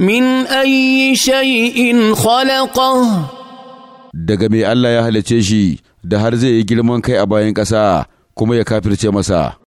min ayi shay'in khalaqa daga me Allah ya halice shi da har zai yi girman kai a bayan ƙasa kuma ya kafirce masa